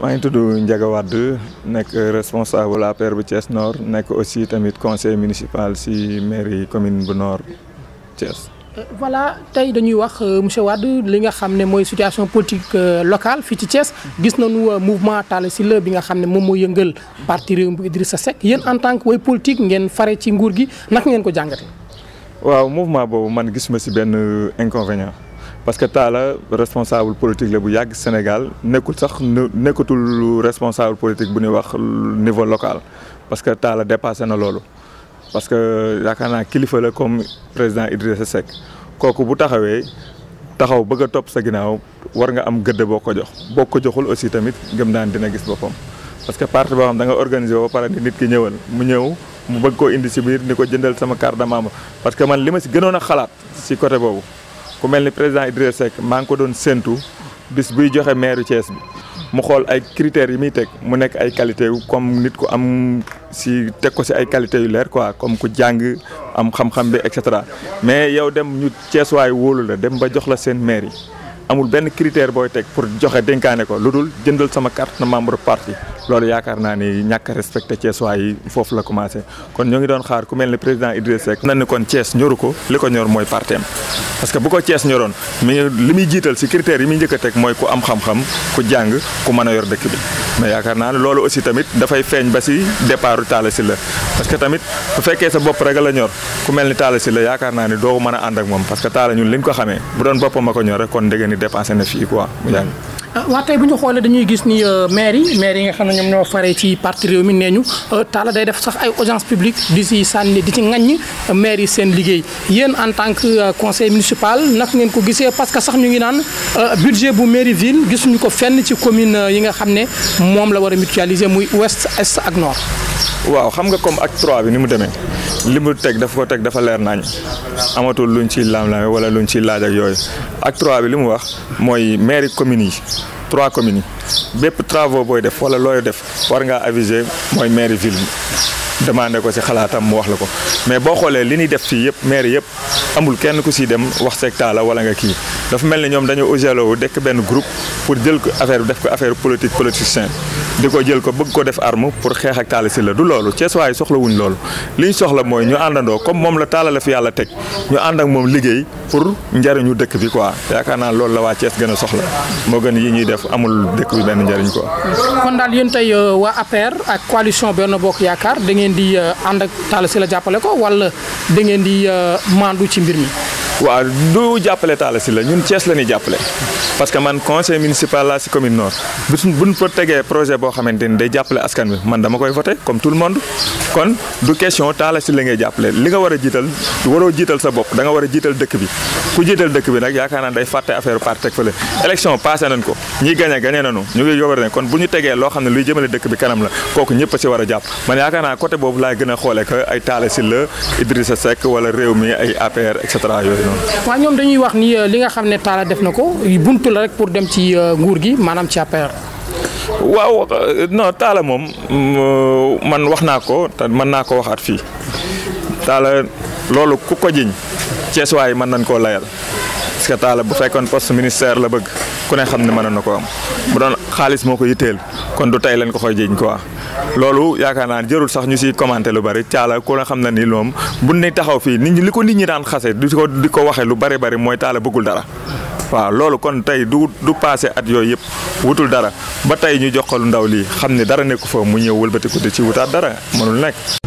maa ngi tudd Ndiaga Wade nekk eh, responsable APR bu Thiès Nord nekk aussi tamit conseil municipal si mairie commune bu Nord Thiès. Eh, voilà tey dañuy wax eh, monsieur Wade li nga xam ne mooy situation politique locale fii ci Thiès gis nañu mouvement Talla bi nga xam ne moom moo yëngal parti réew bu Idrissa Seck yéen en tant que way politique ngeen fare ci nguur gi naka ngeen ko waaw mouvement boobu man gis ma si benn inconvénient parce que Talla responsable politique le bu yàgg Sénégal nekkul sax nekkatul responsable politique bu wax niveau local parce que Talla dépassé na loolu parce que yaakaar naa kilifa fallait comme président Idrissa Seck kooku bu taxawee taxaw bëgg top sa ginaaw war nga am gëdd boko jox boko joxul aussi tamit gëm naan dina gis boppam parce que parti bo xam da nga organisé ba pare nit ki ñëwal mu ñëw mu bëgg ko indi ci bir niko ko jëndal sama carte de membre parce que man li ma si a xalaat si côté bobu ku mel ni président Idriss Seck maa ngi ko doon séntu bis buy joxe maire Thiès bi mu xool ay critères yi muy teg mu nekk ay qualité comme nit ku am si teg ko si ay qualités yu leer quoi comme ku jàng am xam-xam bi et cetera mais yow dem ñu Thiès waay wóolu la dem ba jox la seen maire yi. amul ben critère booy teg pour joxe dénkaane ko lu jëndal sama carte na membre parti loolu yaakaar naa ni ñàkk respecté Thiessois yi foofu la commencé kon ñoo ngi doon xaar ku mel ne président Idriss Seck nan kon Thiès ñoru ko li ko ñor mooy parteem parce que bu ko mi si yi muy njëkk a teg ku am xam-xam ku jàng ku mën yor dëkk bi mais loolu aussi tamit dafay feeñ ba si départu Talla Sylla parce que tamit bu fekkee sa bopp rek la ñor ku mel ni Talla Sylla yaakaar naa ni doo mën a ànd ak moom parce que Talla ñun liñ ko xamee bu doon boppam ñor kon ni dépensé na fii quoi mu yàgg. Euh, waaw tey bu ñu dañuy gis ni euh, maire yi maire yi nga xamne ne ñoom ñoo faré ci parti réew mi nee ñu euh, day def sax ay audience publique di si sànni di ci ŋaññi maire yi seen liggéey yéen en tant que conseil municipal nak ngeen ko gisee parce que sax ñu ngi naan budget bu mairie ville gisuñu ko fenn ci commune yi nga xam mom la wara mutualiser muy ouest est ak nord. waaw xam nga comme acte trois bi ni mu demee li mu teg dafa ko teg dafa leer naañ amatul luñ ciy laam-laame wala luñ ci laaj ak yooyu acte trois bi li mu wax mooy maire communes yi trois communes yi bépp travaux booy def wala looy def war ngaa aviser mooy maire ville demande ko si xalaatam mu wax la ko mais boo xoolee li ñuy def fii yëpp maire yëpp amul kenn ku si dem wax seeg taala wala nga kii dafa mel ne ñoom dañoo ojaloo dekk benn groupe pour jël ko affaire def ko affaire politique politicien di ko jël ko bëgg ko def arme pour xeex ak taala si la du loolu cees waaye soxla wuñ loolu liñ soxla mooy ñu àndandoo comme moom la taala la fi yàlla teg ñu ànd ak moom liggéey pour njariñu dëkk bi quoi yaakaar naa la waa cees gën soxla moo gën yi ñuy def amul dëkk bi benn njariñ quoi kon daal yéen tey euh, waa APR ak coalition benn bokk yaakaar da ngeen di euh, ànd ak taala si la jàppale ko wala da ngeen di euh, mandu ci ci mbir mi. waaw du jàppale Talla la ñun Thiès la ni jàppale parce que man conseil municipal là c'est commune nord bu buñ ko projet bo xamante day jàppale askan wi man dama koy voter comme tout le monde kon du question taala ci la ngay jàppale li nga wara jital jiital jital sa bop da nga wara jital jiital dëkk bi ku jital dëkk bi nak yaakaar naa day fàtte affaire parti teg fële élection passé nañ ko ñi gagné gagné nañu ñu ngi yóbbu ne kon bu ñu tegee loo xam luy jëmele dëkk bi kanam la kooku ñëpp ci wara japp man yaakaar naa côté bobu laay gëna xolé que ay taala ci le Idrissa Seck wala réew mi ay APR et cetera yooyu noonu tutul rek pour dem ci euh, nguur gi manam ci APR waaw euh, non taala mom euh, man waxna ko tan man nako waxat fi taala ku ko jiñ ceesuwaay man nan ko layal parce que taala bu fekkon poste ministère la bëgg ku ne xamne man nako ko am bu don xaalis moko yitel kon du tay lañ ko koy jign quoi loolu yakana jeurul sax ñu ci commenter lu bari caala ku ne xamna ni lom bu ne taxaw fi nit ñi liko nit ñi daan xasse di ko waxe lu bari bari moy taala bëggul dara waaw loolu kon tey du du passé at yooyu yëpp wutul dara ba tey ñu jox ko lu ndaw lii xam ne dara nekku fa mu ñëw wëlbatiku di ci wutaat dara mënul nekk